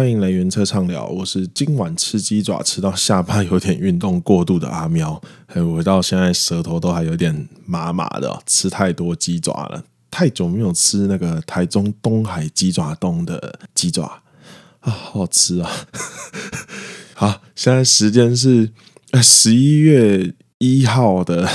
歡迎來緣側唱聊，我是今晚吃雞爪吃到下巴有點運動過度的阿喵，哎，我到現在舌頭都還有點麻麻的，哦，吃太多雞爪了，太久沒有吃那個台中東海雞爪凍的雞爪啊，哦，好，好吃啊！ 好，現在時間是十一月一號的，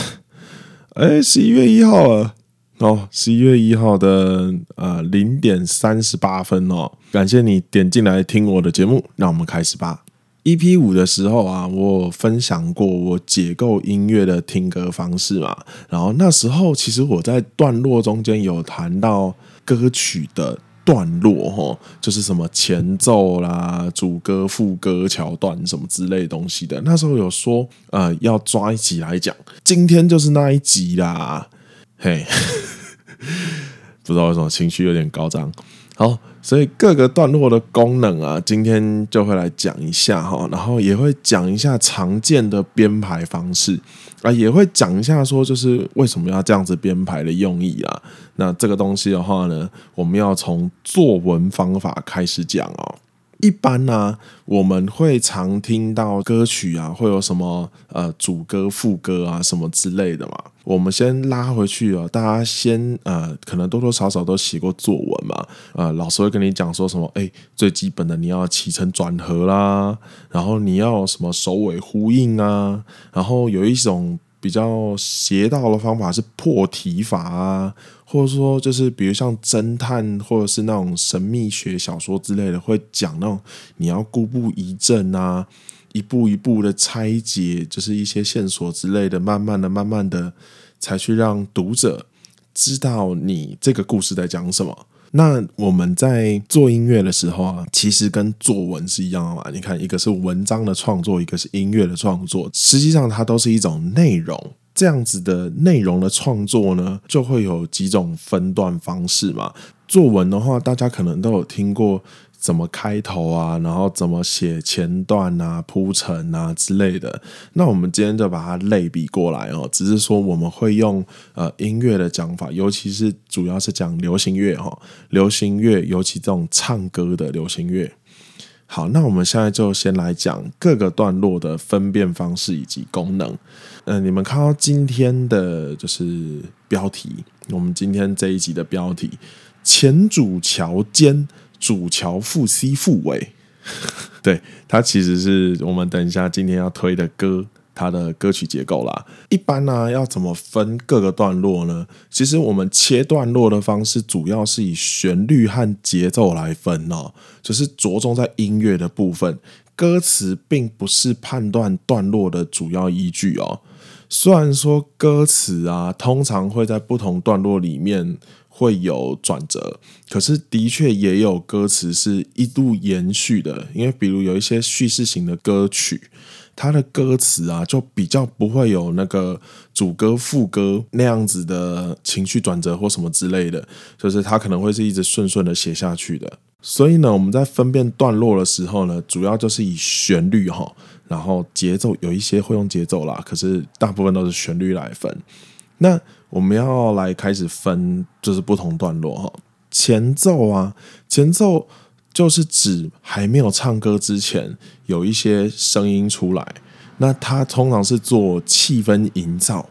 哎，十一月一號啊？哦，十一月一號的啊，零點三十八分哦。感謝你點進來聽我的節目，那我們開始吧。EP5 的時候啊，我分享過我解構音樂的聽歌方式嘛。然後那時候其實我在段落中間有談到歌曲的段落、哦，哈，就是什麼前奏啦、主歌、副歌、橋段什麼之類的東西的。那時候有說，呃，要抓一集來講，今天就是那一集啦。嘿， 不知道為什麼情緒有點高漲。好，所以各個段落的功能啊，今天就會來講一下哈，然後也會講一下常見的編排方式啊，也會講一下說就是為什麼要這樣子編排的用意啊。那這個東西的話呢，我們要從作文方法開始講哦。一般呢，我們會常聽到歌曲啊，會有什麼呃主歌、副歌啊什麼之類的嘛。我們先拉回去啊！大家先呃，可能多多少少都寫過作文嘛，呃，老師會跟你講說什麼？哎，最基本的你要起承轉合啦，然後你要什麼首尾呼應啊，然後有一種比較邪道的方法是破題法啊，或者說就是比如像偵探或者是那種神秘學小說之類的，會講那種你要故布疑陣啊，一步一步的拆解，就是一些線索之類的，慢慢的，慢慢的。才去讓讀者知道你這個故事，在講什麼。那我們在做音樂的時候啊，其實跟作文是一樣的嘛。你看，一個是文章的創作，一個是音樂的創作。實際上它都是一種內容。這樣子的內容的創作呢，就會有幾種分段方式嘛。作文的話，大家可能都有聽過。怎麼開頭啊？然後怎麼寫前段啊、鋪陳啊之類的？那我們今天就把它類比過來哦，只是說我們會用呃音樂的講法，尤其是主要是講流行樂哈、哦，流行樂尤其這種唱歌的流行樂。好，那我們現在就先來講各個段落的分辨方式以及功能。嗯，你們看到今天的就是標題，我們今天這一集的標題《前主橋間》。主橋副 C 副尾， 對，它其實是我們等一下今天要推的歌，它的歌曲結構啦。一般呢、啊，要怎麼分各個段落呢？其實我們切段落的方式主要是以旋律和節奏來分哦，就是着重在音樂的部分，歌詞並不是判斷段落的主要依據哦。雖然說歌詞啊，通常會在不同段落裡面，會有轉折，可是的確也有歌詞是一度延續的，因為比如有一些敘事型的歌曲，它的歌詞啊就比較不會有那個主歌副歌那樣子的情緒轉折或什麼之類的，就是它可能會是一直順順的寫下去的。所以呢，我們在分辨段落的時候呢，主要就是以旋律吼，然後節奏有一些會用節奏啦，可是大部分都是旋律來分。那。我們要來開始分，就是不同段落哈。前奏啊，前奏就是指還沒有唱歌之前有一些聲音出來，那它通常是做氣氛營造，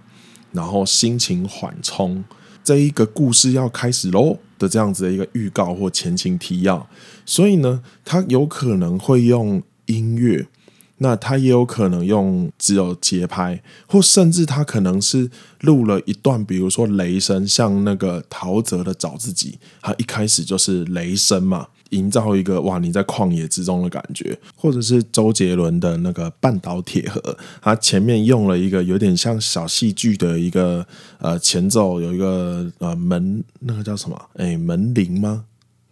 然後心情緩衝，這一個故事要開始嘍的這樣子的一個預告或前情提要。所以呢，它有可能會用音樂。那他也有可能用，只有節拍，或甚至他可能是錄了一段，比如說雷聲，像那個陶喆的《找自己》，他一開始就是雷聲嘛，營造一個哇你在曠野之中的感覺，或者是周杰倫的那個《半島鐵盒》，他前面用了一個有點像小戲劇的一個呃前奏，有一個呃門，那個叫什麼？哎、欸，門鈴嗎？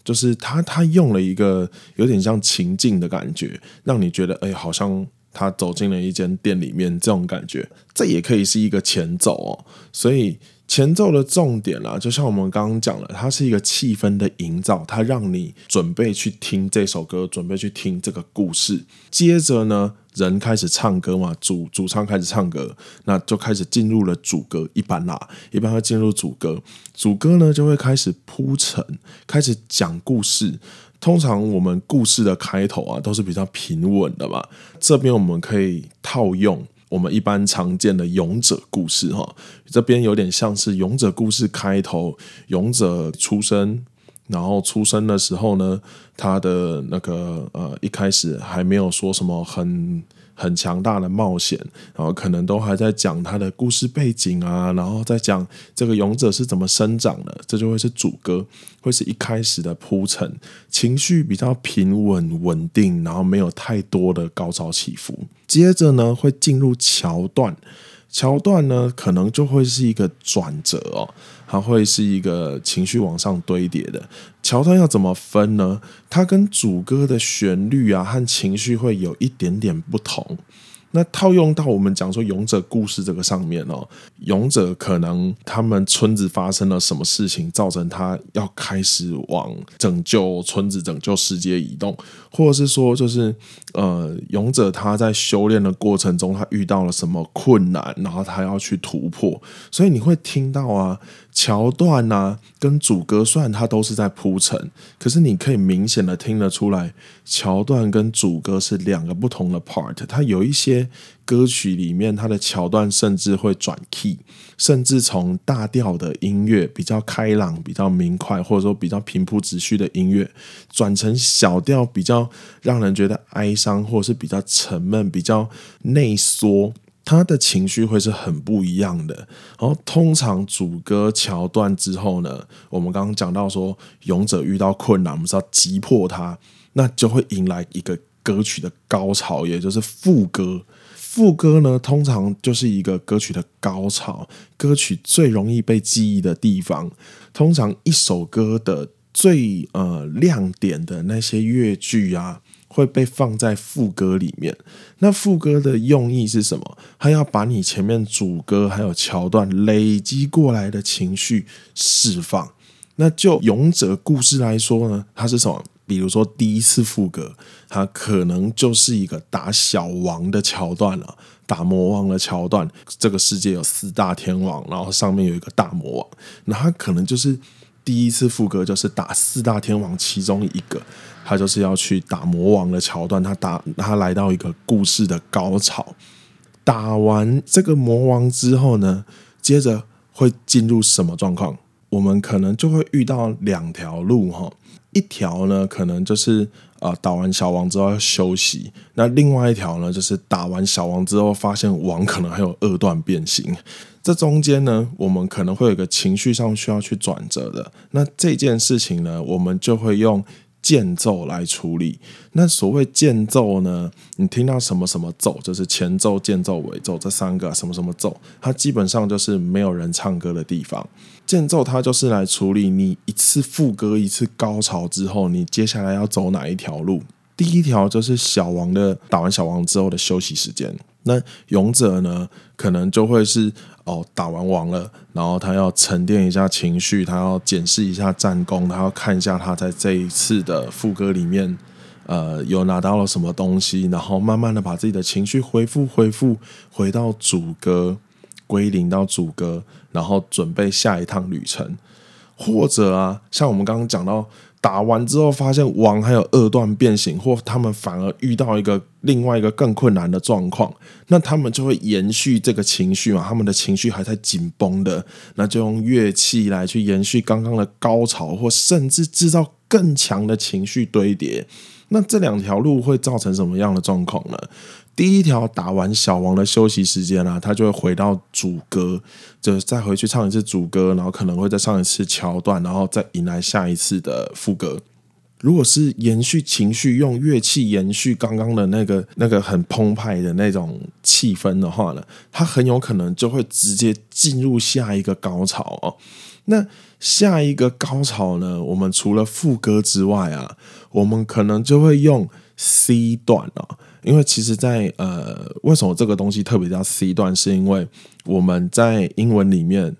就是他，他用了一個有點像情境的感覺，讓你覺得哎、欸，好像他走進了一間店裡面這種感覺。這也可以是一個前奏哦，所以前奏的重點啊，就像我們剛剛講的，它是一個氣氛的營造，它讓你準備去聽這首歌，準備去聽這個故事。接着呢。人開始唱歌嘛，主主唱開始唱歌，那就開始進入了主歌，一般啦，一般會進入主歌，主歌呢就會開始鋪陳，開始講故事。通常我們故事的開頭啊都是比較平穩的嘛，這邊我們可以套用我們一般常見的勇者故事哈，這邊有點像是勇者故事開頭，勇者出生。然後出生的時候呢，他的那個呃，一開始還沒有說什麼很很強大的冒險，然後可能都還在講他的故事背景啊，然後在講這個勇者是怎麼生長的，這就會是主歌，會是一開始的鋪陳，情緒比較平穩穩定，然後沒有太多的高潮起伏。接着呢，會進入橋段，橋段呢，可能就會是一個轉折哦。它會是一個情緒往上堆疊的。橋段要怎麼分呢？它跟主歌的旋律啊和情緒會有一點點不同。那套用到我們講說勇者故事這個上面哦，勇者可能他們村子發生了什麼事情，造成他要開始往拯救村子、拯救世界移動，或者是說就是呃，勇者他在修煉的過程中，他遇到了什麼困難，然後他要去突破。所以你會聽到啊，橋段啊跟主歌，雖然它都是在鋪陳，可是你可以明顯的聽得出來，橋段跟主歌是兩個不同的 part，它有一些。歌曲裡面，它的橋段甚至會轉 key，甚至從大調的音樂比較開朗、比較明快，或者說比較平鋪直敘的音樂，轉成小調，比較讓人覺得哀傷，或者是比較沉悶、比較內縮，他的情緒會是很不一樣的。然後，通常主歌橋段之後呢，我們剛剛講到說，勇者遇到困難，我們知道擊破他，那就會迎來一個。歌曲的高潮，也就是副歌。副歌呢，通常就是一個歌曲的高潮。歌曲最容易被記憶的地方，通常一首歌的最呃亮點的那些樂句啊，會被放在副歌裡面。那副歌的用意是什麼？它要把你前面主歌還有橋段累積過來的情緒釋放。那就《勇者故事》來說呢，它是什麼？比如說，第一次副歌，它可能就是一個打小王的橋段了，打魔王的橋段。這個世界有四大天王，然後上面有一個大魔王，那他可能就是第一次副歌，就是打四大天王其中一個，他就是要去打魔王的橋段。他打，他來到一個故事的高潮。打完這個魔王之後呢，接着會進入什麼狀況？我們可能就會遇到兩條路，哈。一條呢，可能就是啊、呃，打完小王之後要休息；那另外一條呢，就是打完小王之後發現王可能還有二段變形，這中間呢，我們可能會有一個情緒上需要去轉折的。那這件事情呢，我們就會用，間奏來處理。那所謂間奏呢，你聽到什麼什麼奏，就是前奏、間奏、尾奏這三個、啊、什麼什麼奏，它基本上就是沒有人唱歌的地方。間奏它就是來處理你一次副歌、一次高潮之後，你接下來要走哪一條路。第一條就是小王的打完小王之後的休息時間。那勇者呢，可能就會是哦，打完王了，然後他要沉澱一下情緒，他要檢視一下戰功，他要看一下他在這一次的副歌裡面，呃，有拿到了什麼東西，然後慢慢的把自己的情緒恢復恢復，回到主歌，歸零到主歌，然後準備下一趟旅程。或者啊，像我們剛剛講到，打完之後發現王還有二段變形，或他們反而遇到一個另外一個更困難的狀況，那他們就會延續這個情緒嘛，他們的情緒還在緊繃的，那就用樂器來去延續剛剛的高潮，或甚至製造更強的情緒堆疊。那這兩條路會造成什麼樣的狀況呢？第一條打完小王的休息時間呢啊，他就會回到主歌，就再回去唱一次主歌，然後可能會再唱一次橋段，然後再迎來下一次的副歌。如果是延續情緒，用樂器延續剛剛的那個那個很澎湃的那種氣氛的話呢，他很有可能就會直接進入下一個高潮哦。那下一個高潮呢，我們除了副歌之外啊，我們可能就會用 C 段哦。因為其實在，在呃，為什麼這個東西特別叫 C 段，是因為我們在英文裡面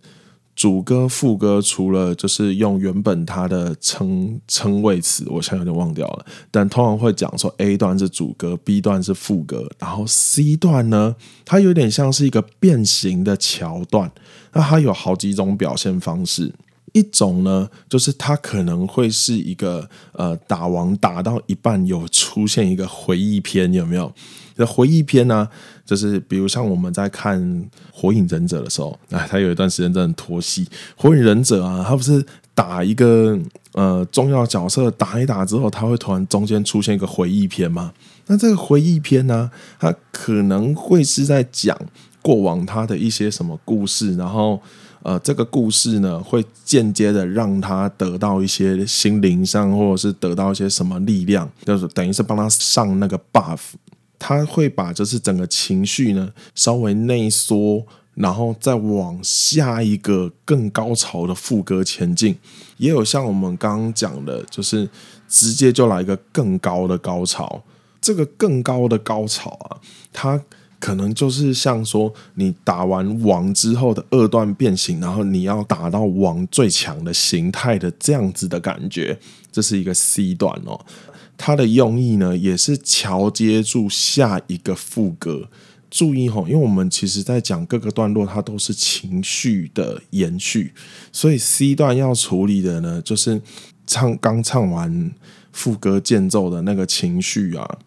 主歌、副歌，除了就是用原本它的稱稱謂詞，我現在有點忘掉了，但通常會講說 A 段是主歌，B 段是副歌，然後 C 段呢，它有點像是一個變形的橋段，那它有好幾種表現方式。一種呢，就是它可能會是一個呃，打王打到一半有出現一個回憶篇，有沒有？那回憶篇呢，啊，就是比如像我們在看《火影忍者》的時候，哎，它有一段時間在拖戲，《火影忍者》啊，它不是打一個呃重要角色，打一打之後，它會突然中間出現一個回憶篇嘛？那這個回憶篇呢、啊，它可能會是在講過往他的一些什麼故事，然後。呃，這個故事呢，會間接的讓他得到一些心靈上，或者是得到一些什麼力量，就是等於是幫他上那個 buff。他會把就是整個情緒呢稍微內縮，然後再往下一個更高潮的副歌前進。也有像我們剛剛講的，就是直接就來一個更高的高潮。這個更高的高潮啊，它。可能就是像說，你打完王之後的二段變形，然後你要打到王最強的形態的這樣子的感覺，這是一個 C 段哦。它的用意呢，也是橋接住下一個副歌。注意吼，因為我們其實在講各個段落，它都是情緒的延續，所以 C 段要處理的呢，就是唱剛唱完副歌間奏的那個情緒啊，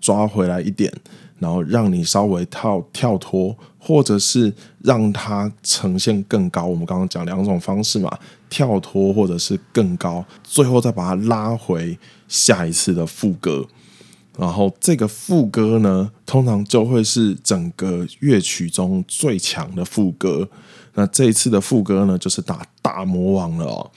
抓回來一點。然後讓你稍微跳跳脫，或者是讓它呈現更高。我們剛剛講兩種方式嘛，跳脫或者是更高，最後再把它拉回下一次的副歌。然後這個副歌呢，通常就會是整個樂曲中最強的副歌。那這一次的副歌呢，就是打大魔王了哦。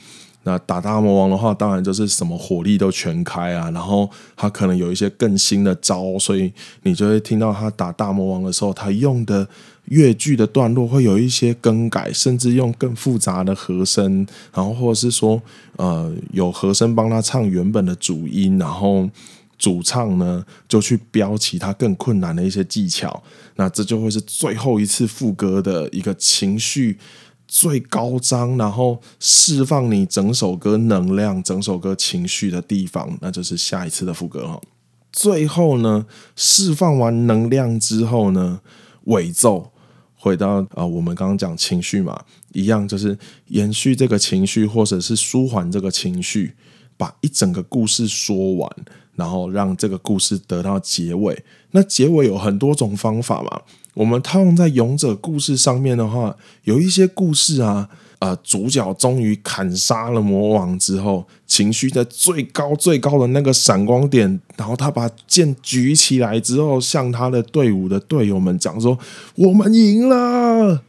那打大魔王的話，當然就是什麼火力都全開啊，然後他可能有一些更新的招，所以你就會聽到他打大魔王的時候，他用的樂句的段落會有一些更改，甚至用更複雜的和聲，然後或者是說，呃，有和聲幫他唱原本的主音，然後主唱呢就去飆其他更困難的一些技巧。那這就會是最後一次副歌的一個情緒。最高漲，然後釋放你整首歌能量、整首歌情緒的地方，那就是下一次的副歌哈。最後呢，釋放完能量之後呢，尾奏回到啊、呃，我們剛剛講情緒嘛，一樣就是延續這個情緒，或者是舒緩這個情緒，把一整個故事說完，然後讓這個故事得到結尾。那結尾有很多種方法嘛。我們套用在勇者故事上面的話，有一些故事啊，呃，主角終於砍殺了魔王之後，情緒在最高最高的那個閃光點，然後他把劍舉起來之後，向他的隊伍的隊友們講說：“我們贏了！”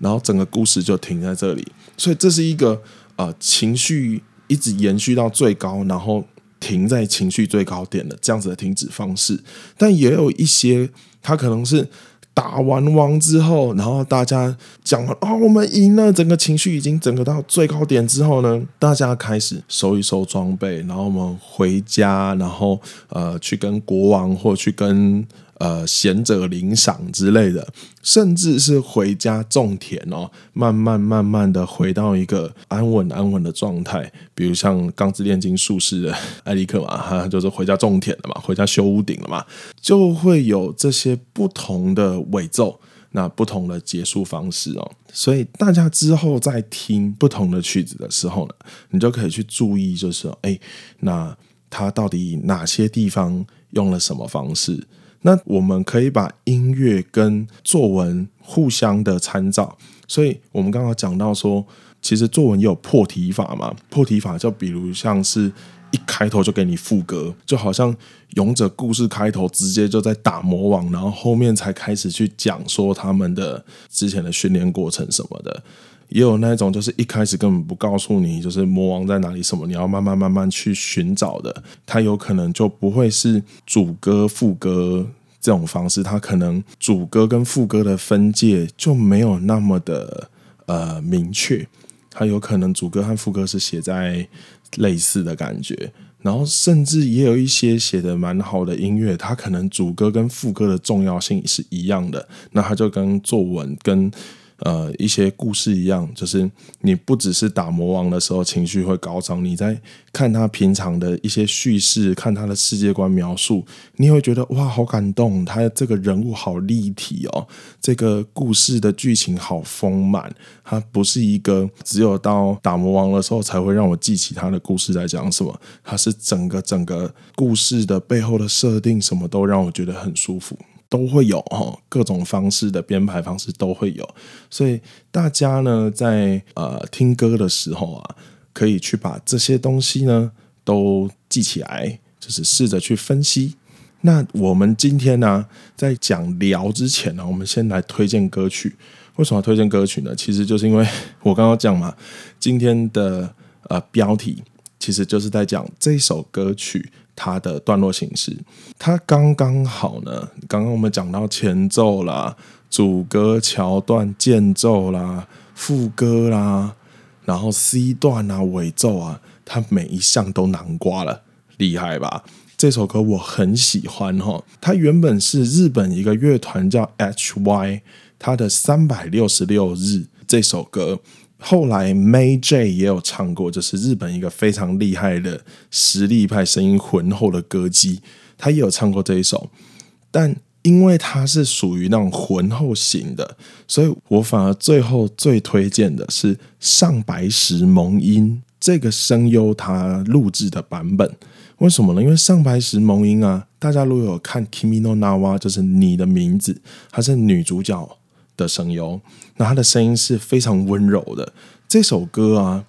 然後整個故事就停在這裡。所以這是一個，呃，情緒一直延續到最高，然後停在情緒最高點的這樣子的停止方式。但也有一些，他可能是。打完王之後，然後大家講完啊、哦，我們贏了，整個情緒已經整個到最高點之後呢，大家開始收一收裝備，然後我們回家，然後呃去跟國王或去跟。呃，賢者領賞之類的，甚至是回家種田哦，慢慢慢慢地回到一個安穩安穩的狀態，比如像《鋼之煉金術師》的艾利克嘛，哈，就是回家種田了嘛，回家修屋頂了嘛，就會有這些不同的尾奏，那不同的結束方式哦。所以大家之後在聽不同的曲子的時候呢，你就可以去注意，就是哎、欸，那他到底哪些地方用了什麼方式？那我們可以把音樂跟作文互相的參照，所以我們剛剛講到說，其實作文也有破題法嘛，破題法就比如像是。一開頭就給你副歌，就好像勇者故事開頭直接就在打魔王，然後後面才開始去講說他們的之前的訓練過程什麼的。也有那種就是一開始根本不告訴你，就是魔王在哪裡什麼，你要慢慢慢慢去尋找的。他有可能就不會是主歌副歌這種方式，他可能主歌跟副歌的分界就沒有那麼的呃明確，他有可能主歌和副歌是寫在。類似的感覺，然後甚至也有一些寫的蠻好的音樂，它可能主歌跟副歌的重要性是一樣的，那它就跟作文跟。呃，一些故事一樣，就是你不只是打魔王的時候情緒會高漲，你在看他平常的一些敘事，看他的世界觀描述，你也會覺得哇，好感動，他這個人物好立體哦，這個故事的劇情好豐滿，它不是一個只有到打魔王的時候才會讓我記起他的故事在講什麼，它是整個整個故事的背後的設定，什麼都讓我覺得很舒服。都會有哦，各種方式的編排方式都會有，所以大家呢，在呃聽歌的時候啊，可以去把這些東西呢都記起來，就是試着去分析。那我們今天呢、啊、在講聊之前呢、啊，我們先來推薦歌曲。為什麼推薦歌曲呢？其實就是因為我剛剛講嘛，今天的呃標題其實就是在講這首歌曲。它的段落形式，它剛剛好呢。剛剛我們講到前奏啦、主歌、橋段、間奏啦、副歌啦，然後 C 段啊、尾奏啊，它每一項都囊括了，厲害吧？這首歌我很喜歡哈、哦，它原本是日本一個樂團叫 H Y，它的三百六十六日這首歌。後來，May J 也有唱過，就是日本一個非常厲害的實力派，聲音渾厚的歌姬，她也有唱過這一首。但因為她是屬於那種渾厚型的，所以我反而最後最推薦的是上白石萌音這個聲優她錄製的版本。為什麼呢？因為上白石萌音啊，大家如果有看《Kimino Nawa》，就是你的名字，她是女主角。的聲優，那他的聲音是非常溫柔的。這首歌啊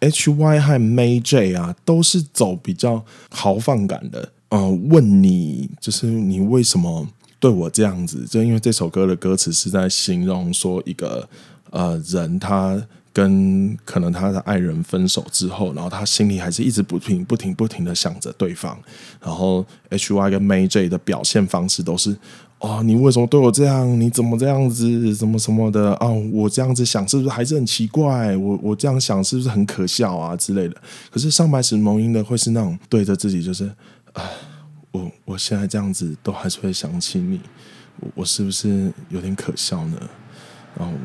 ，HY 和 May J 啊，都是走比較豪放感的。呃，問你就是你為什麼對我這樣子？就因為這首歌的歌詞是在形容說一個呃人，他跟可能他的愛人分手之後，然後他心裡還是一直不停、不停、不停地想着對方。然後 HY 跟 May J 的表現方式都是。哦，你為什麼對我這樣？你怎麼這樣子？什麼什麼的哦，我這樣子想，是不是還是很奇怪？我我這樣想，是不是很可笑啊之類的？可是上白石萌音呢會是那種對着自己，就是啊，我我現在這樣子都還是會想起你，我，我是不是有點可笑呢？然、哦、後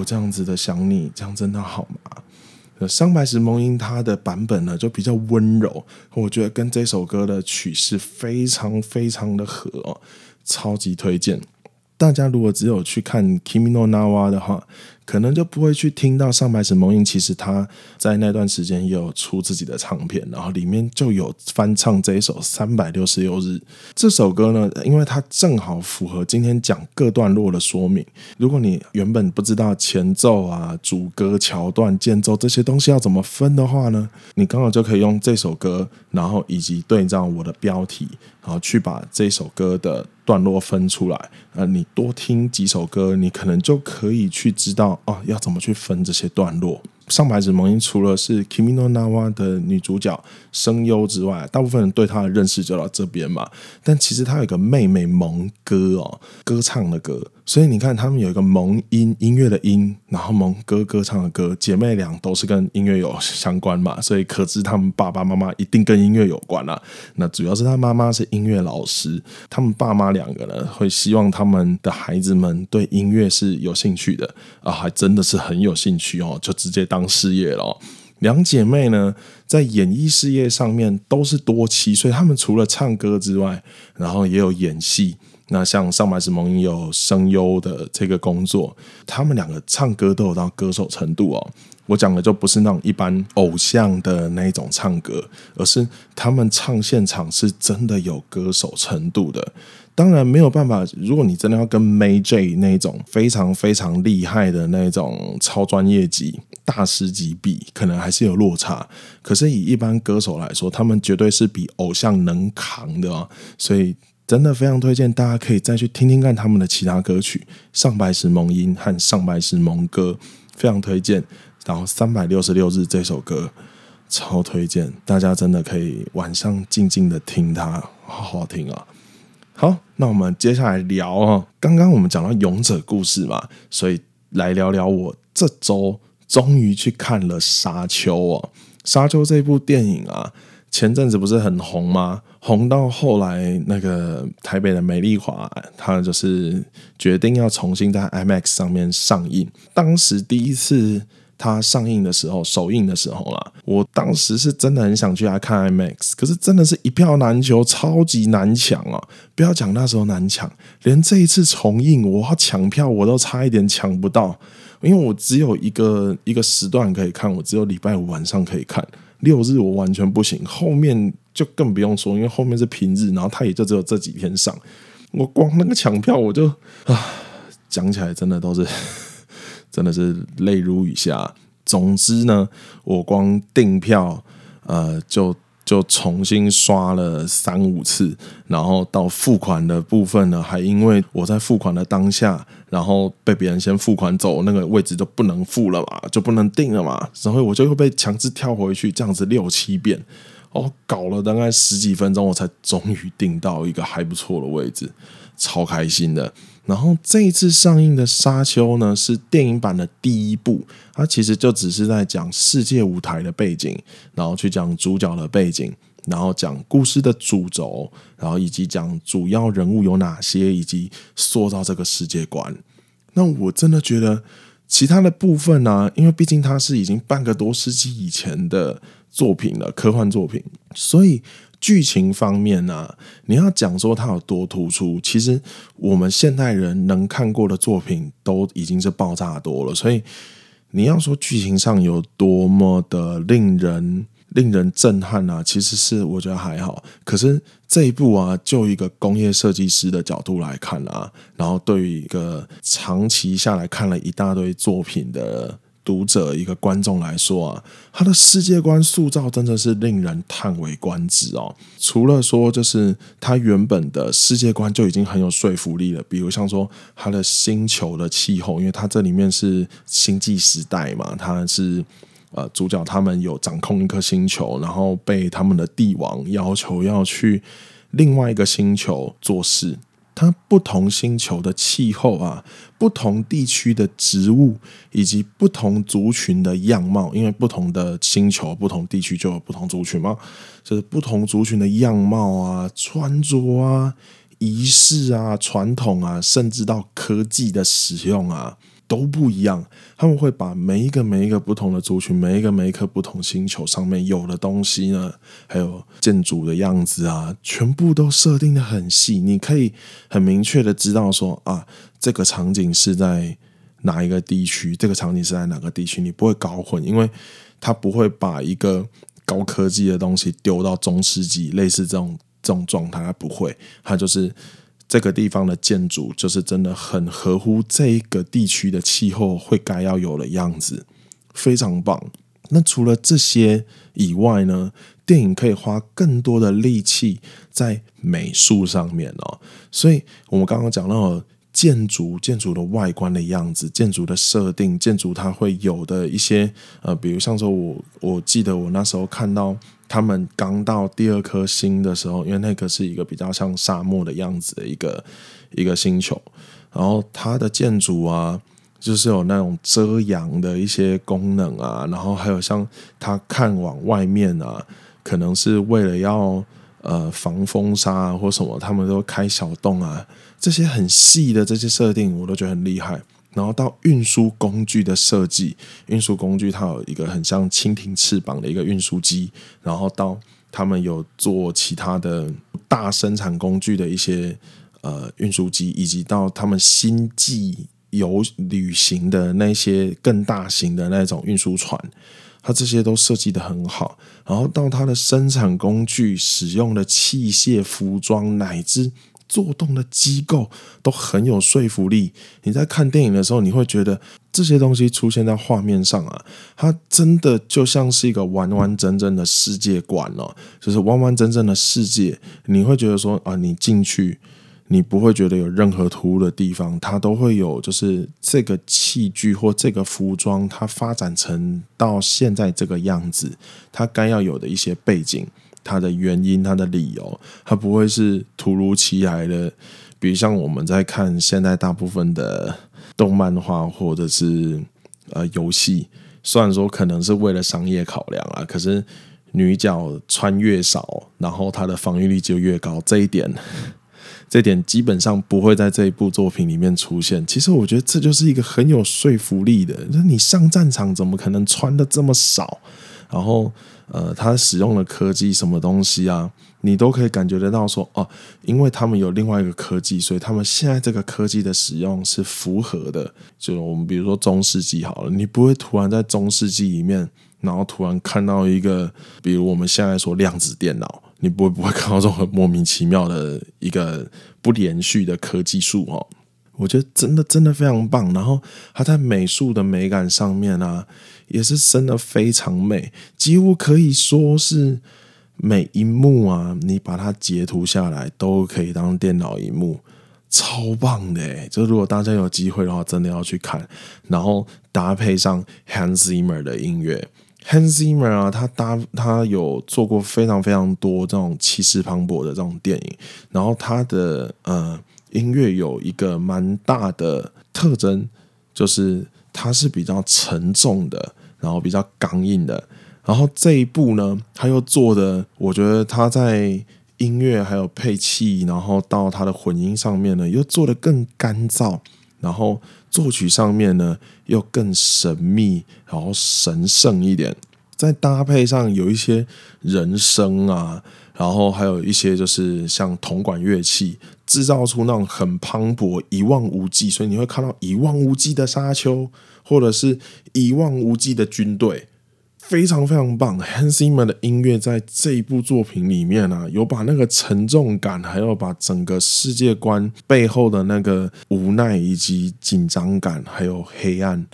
我這樣子的想你，這樣真的好嗎？上白石萌音它的版本呢，就比較溫柔，我覺得跟這首歌的曲式非常非常的合、哦。超級推薦，大家如果只有去看 Kimi no Na wa 的話。可能就不會去聽到上白石萌音。其實他在那段時間也有出自己的唱片，然後裡面就有翻唱這一首《三百六十六日》這首歌呢。因為它正好符合今天講各段落的說明。如果你原本不知道前奏啊、主歌、橋段、間奏這些東西要怎麼分的話呢，你剛好就可以用這首歌，然後以及對照我的標題，然後去把這首歌的段落分出來。呃，你多聽幾首歌，你可能就可以去知道。哦，要怎麼去分這些段落？上白石萌音除了是 Kimino Nawa 的女主角聲優之外，大部分人對她的認識就到這邊嘛。但其實她有個妹妹萌歌哦，歌唱的歌。所以你看，他們有一個萌音音樂的音，然後萌歌歌唱的歌，姐妹倆都是跟音樂有相關嘛。所以可知，他們爸爸媽媽一定跟音樂有關啦。那主要是他媽媽是音樂老師，他們爸媽兩個呢，會希望他們的孩子們對音樂是有興趣的啊，還真的是很有興趣哦，就直接當事業了。兩姐妹呢，在演藝事業上面都是多棲，所以他們除了唱歌之外，然後也有演戲。那像上白石萌音有聲優的這個工作，他們兩個唱歌都有到歌手程度哦。我講的就不是那種一般偶像的那種唱歌，而是他們唱現場是真的有歌手程度的。當然沒有辦法，如果你真的要跟 May J 那種非常非常厲害的那種超專業級、大師級比，可能還是有落差。可是以一般歌手來說，他們絕對是比偶像能扛的哦。所以。真的非常推薦大家可以再去聽聽看他們的其他歌曲，《上白石萌音》和《上白石萌歌》，非常推薦。然後《三百六十六日》這首歌超推薦，大家真的可以晚上靜靜的聽它，好好聽啊！好，那我們接下來聊啊，剛剛我們講到勇者故事嘛，所以來聊聊我這週終於去看了《沙丘》啊，《沙丘》這部電影啊，前陣子不是很紅嗎？紅到後來，那個台北的美麗華，他就是決定要重新在 IMAX 上面上映。當時第一次他上映的時候，首映的時候啦，我當時是真的很想去來看 IMAX，可是真的是一票難求，超級難搶啊！不要講那時候難搶，連這一次重映，我搶票我都差一點搶不到，因為我只有一個一個時段可以看，我只有禮拜五晚上可以看。六日我完全不行，後面就更不用說，因為後面是平日，然後他也就只有這幾天上。我光那個搶票，我就啊，講起來真的都是，真的是淚如雨下。總之呢，我光訂票，呃，就。就重新刷了三五次，然後到付款的部分呢，還因為我在付款的當下，然後被別人先付款走，那個位置就不能付了嘛，就不能定了嘛，然後我就會被強制跳回去，這樣子六七遍，哦，搞了大概十幾分鐘，我才終於定到一個還不錯的位置，超開心的。然後這一次上映的《沙丘》呢，是電影版的第一部，它其實就只是在講世界舞台的背景，然後去講主角的背景，然後講故事的主軸，然後以及講主要人物有哪些，以及塑造這個世界觀。那我真的覺得其他的部分呢、啊，因為畢竟它是已經半個多世紀以前的作品了，科幻作品，所以。劇情方面呢、啊，你要講說它有多突出，其實我們現代人能看過的作品都已經是爆炸多了，所以你要說劇情上有多麼的令人令人震撼啊，其實是我覺得還好。可是這一部啊，就一個工業設計師的角度來看啊，然後對於一個長期下來看了一大堆作品的。讀者一個觀眾來說啊，他的世界觀塑造真的是令人嘆為觀止哦。除了說，就是他原本的世界觀就已經很有說服力了。比如像說他的星球的氣候，因為他這裡面是星際時代嘛，他是呃主角他們有掌控一顆星球，然後被他們的帝王要求要去另外一個星球做事。它不同星球的氣候啊，不同地區的植物，以及不同族群的樣貌，因為不同的星球、不同地區就有不同族群嘛，就是不同族群的樣貌啊、穿着啊、儀式啊、傳統啊，甚至到科技的使用啊。都不一樣，他們會把每一個每一個不同的族群，每一個每一顆不同星球上面有的東西呢，還有建築的樣子啊，全部都設定得很細，你可以很明確的知道說啊，這個場景是在哪一個地區，這個場景是在哪個地區，你不會搞混，因為他不會把一個高科技的東西丟到中世紀，類似這種這種狀態，它不會，他就是。這個地方的建築就是真的很合乎這一個地區的氣候會該要有的樣子，非常棒。那除了這些以外呢，電影可以花更多的力氣在美術上面哦。所以，我們剛剛講到建築、建築的外觀的樣子、建築的設定、建築它會有的一些呃，比如像說我，我我記得我那時候看到。他們剛到第二顆星的時候，因為那個是一個比較像沙漠的樣子的一個一個星球，然後它的建築啊，就是有那種遮陽的一些功能啊，然後還有像它看往外面啊，可能是為了要呃防風沙或什麼，他們都開小洞啊，這些很細的這些設定，我都覺得很厲害。然後到運輸工具的設計，運輸工具它有一個很像蜻蜓翅膀的一個運輸機，然後到他們有做其他的大生產工具的一些呃運輸機，以及到他們星際遊旅行的那些更大型的那種運輸船，它這些都設計的很好。然後到它的生產工具使用的器械、服裝乃至。作動的機構都很有說服力。你在看電影的時候，你會覺得這些東西出現在畫面上啊，它真的就像是一個完完整整的世界觀了、喔，就是完完整整的世界。你會覺得說啊，你進去，你不會覺得有任何突兀的地方，它都會有，就是這個器具或這個服裝，它發展成到現在這個樣子，它該要有的一些背景。它的原因，它的理由，它不會是突如其來的。比如像我們在看現在大部分的動漫畫或者是呃遊戲，雖然說可能是為了商業考量啊，可是女角穿越少，然後她的防禦力就越高，這一點，呵呵這一點基本上不會在這一部作品裡面出現。其實我覺得這就是一個很有說服力的，那、就是、你上戰場怎麼可能穿得這麼少？然後，呃，他使用的科技什麼東西啊？你都可以感覺得到說，哦、啊，因為他們有另外一個科技，所以他們現在這個科技的使用是符合的。就我們比如說中世紀好了，你不會突然在中世紀裡面，然後突然看到一個，比如我們現在說量子電腦，你不會不會看到這種很莫名其妙的一個不連續的科技樹哦。我覺得真的真的非常棒。然後他在美術的美感上面啊。也是生得非常美，幾乎可以說是每一幕啊，你把它截圖下來都可以當電腦螢幕，超棒的欸！就如果大家有機會的話，真的要去看。然後搭配上 Hans Zimmer 的音樂，Hans Zimmer 啊，他搭他有做過非常非常多這種氣勢磅礴的這種電影，然後他的呃音樂有一個蠻大的特徵，就是它是比較沉重的。然後比較剛硬的，然後這一部呢，他又做的，我覺得他在音樂還有配器，然後到他的混音上面呢，又做得更乾燥，然後作曲上面呢又更神秘，然後神聖一點，再搭配上有一些人聲啊，然後還有一些就是像銅管樂器，制造出那種很磅礴、一望無際，所以你會看到一望無際的沙丘。或者是一望無際的軍隊，非常非常棒。Hans Zimmer 的音樂在這一部作品裡面啊，有把那個沉重感，還有把整個世界觀背後的那個無奈以及緊張感，還有黑暗，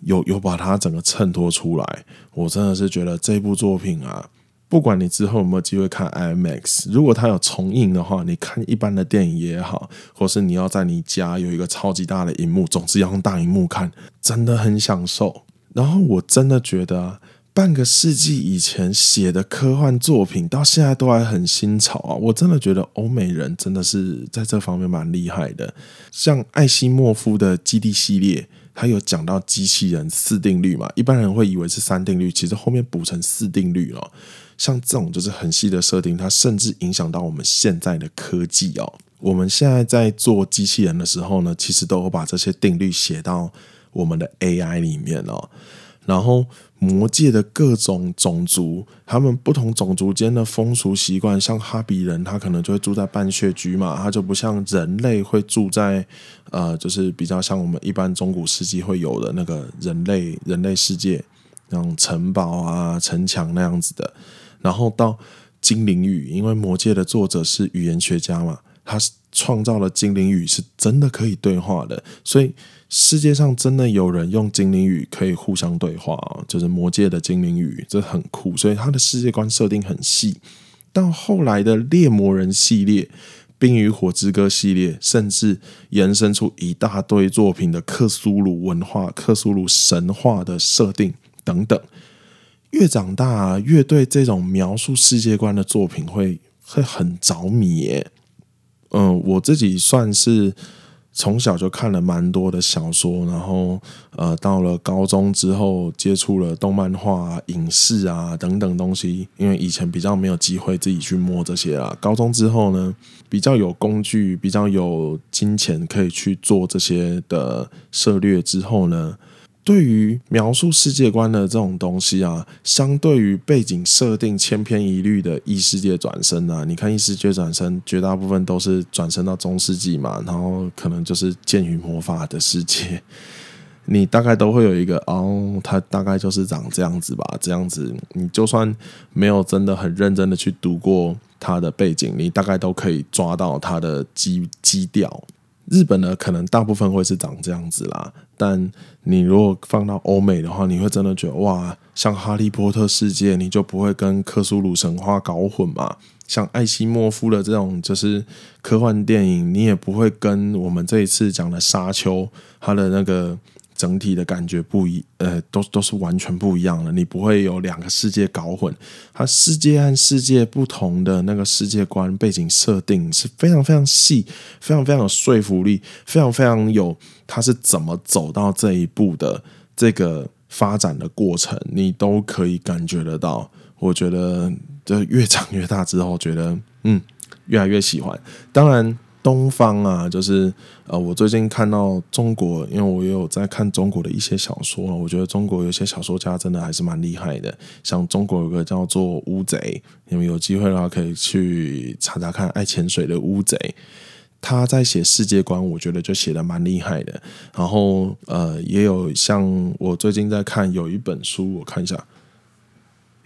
有有把它整個襯托出來。我真的是覺得這部作品啊。不管你之後有沒有機會看 IMAX，如果它有重映的話，你看一般的電影也好，或是你要在你家有一個超級大的熒幕，總之要用大熒幕看，真的很享受。然後我真的覺得，半個世紀以前寫的科幻作品到現在都還很新潮啊！我真的覺得歐美人真的是在這方面蠻厲害的。像艾希莫夫的基地系列，他有講到機器人四定律嘛，一般人會以為是三定律，其實後面補成四定律了喔。像這種就是很細的設定，它甚至影響到我們現在的科技喔。我們現在在做機器人的時候呢，其實都會把這些定律寫到我們的 AI 裡面喔。然後魔戒的各種種族，他們不同種族間的風俗習慣，像哈比人，他可能就會住在半穴居嘛，他就不像人類會住在呃，就是比較像我們一般中古世紀會有的那個人類人類世界那種城堡啊、城牆那樣子的。然後到精靈語，因為魔戒的作者是語言學家嘛，他創造了精靈語，是真的可以對話的，所以世界上真的有人用精靈語可以互相對話哦，就是魔戒的精靈語，這很酷。所以他的世界觀設定很細，到後來的獵魔人系列、冰與火之歌系列，甚至延伸出一大堆作品的克蘇魯文化、克蘇魯神話的設定等等。越長大，越對這種描述世界觀的作品會會很着迷、欸。嗯、呃，我自己算是從小就看了蠻多的小說，然後呃，到了高中之後接觸了動漫畫、啊、影視啊等等東西。因為以前比較沒有機會自己去摸這些啊，高中之後呢，比較有工具，比較有金錢可以去做這些的涉獵之後呢。對於描述世界觀的這種東西啊，相對於背景設定千篇一律的異世界轉生啊，你看異世界轉生，絕大部分都是轉生到中世紀嘛，然後可能就是劍與魔法的世界，你大概都會有一個，哦，它大概就是長這樣子吧，這樣子，你就算沒有真的很認真的去讀過它的背景，你大概都可以抓到它的基基調。日本呢，可能大部分會是長這樣子啦。但你如果放到歐美的話，你會真的覺得哇，像《哈利波特》世界，你就不會跟克蘇魯神話搞混嘛。像艾西莫夫的這種就是科幻電影，你也不會跟我們這一次講的《沙丘》它的那個。整體的感覺不一，呃，都是都是完全不一樣的。你不會有兩個世界搞混，它世界和世界不同的那個世界觀背景設定是非常非常細，非常非常有說服力，非常非常有它是怎麼走到這一步的這個發展的過程，你都可以感覺得到。我覺得，就越長越大之後，覺得嗯，越來越喜歡。當然。東方啊，就是呃，我最近看到中國，因為我也有在看中國的一些小說，我覺得中國有些小說家真的還是蠻厲害的。像中國有個叫做烏賊，你們有機會的話可以去查查看《愛潛水的烏賊》，他在寫世界觀，我覺得就寫得蠻厲害的。然後呃，也有像我最近在看有一本書，我看一下。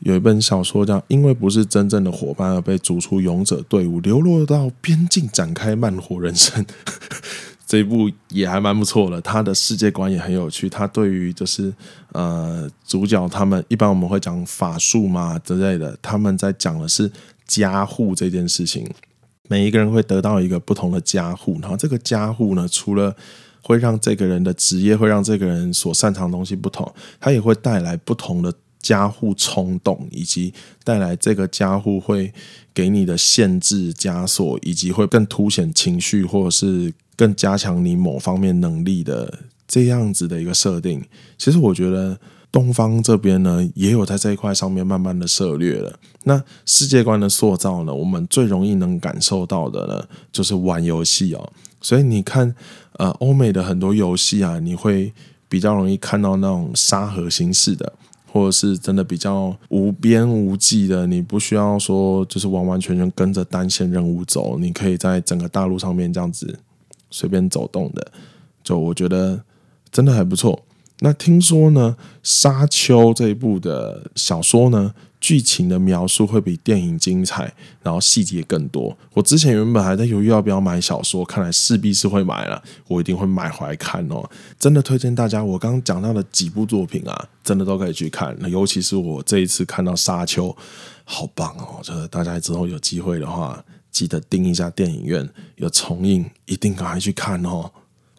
有一本小說叫《因為不是真正的夥伴而被逐出勇者隊伍，流落到邊境展開慢活人生》呵呵，這一部也還蠻不錯的。他的世界觀也很有趣，他對於就是呃，主角他們一般我們會講法術嘛之類的，他們在講的是加護這件事情。每一個人會得到一個不同的加護，然後這個加護呢，除了會讓這個人的職業會讓這個人所擅長的東西不同，它也會帶來不同的。加護衝動，以及帶來這個加護會給你的限制、枷鎖，以及會更凸顯情緒，或者是更加強你某方面能力的這樣子的一個設定。其實我覺得東方這邊呢，也有在這一塊上面慢慢的涉獵了。那世界觀的塑造呢，我們最容易能感受到的呢，就是玩遊戲哦。所以你看，呃，歐美的很多遊戲啊，你會比較容易看到那種沙盒形式的。或者是真的比較無邊無際的，你不需要說就是完完全全跟着單線任務走，你可以在整個大陸上面這樣子隨便走動的，就我覺得真的還不錯。那聽說呢，《沙丘》這一部的小說呢，劇情的描述會比電影精彩，然後細節更多。我之前原本還在猶豫要不要買小說，看來勢必是會買了，我一定會買回來看哦。真的推薦大家，我剛剛講到的幾部作品啊，真的都可以去看。尤其是我這一次看到《沙丘》，好棒哦！我覺得大家之後有機會的話，記得盯一下電影院有重映，一定趕快去看哦。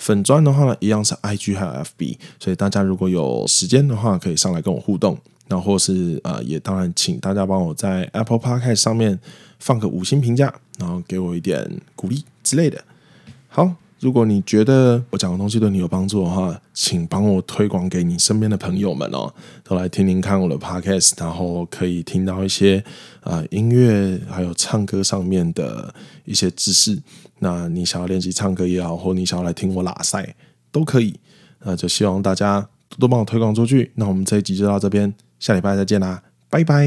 粉專的話呢，一樣是 IG 還有 FB，所以大家如果有時間的話，可以上來跟我互動，那或者是呃，也當然請大家幫我在 Apple Podcast 上面放個五星評價，然後給我一點鼓勵之類的。好，如果你覺得我講的東西對你有幫助的話，請幫我推廣給你身邊的朋友們哦、喔，都來聽聽看我的 Podcast，然後可以聽到一些啊、呃、音樂還有唱歌上面的一些知識。那你想要練習唱歌也好，或你想要來聽我喇賽，都可以。那就希望大家多多幫我推廣出去。那我們這一集就到這邊，下禮拜再見啦，拜拜。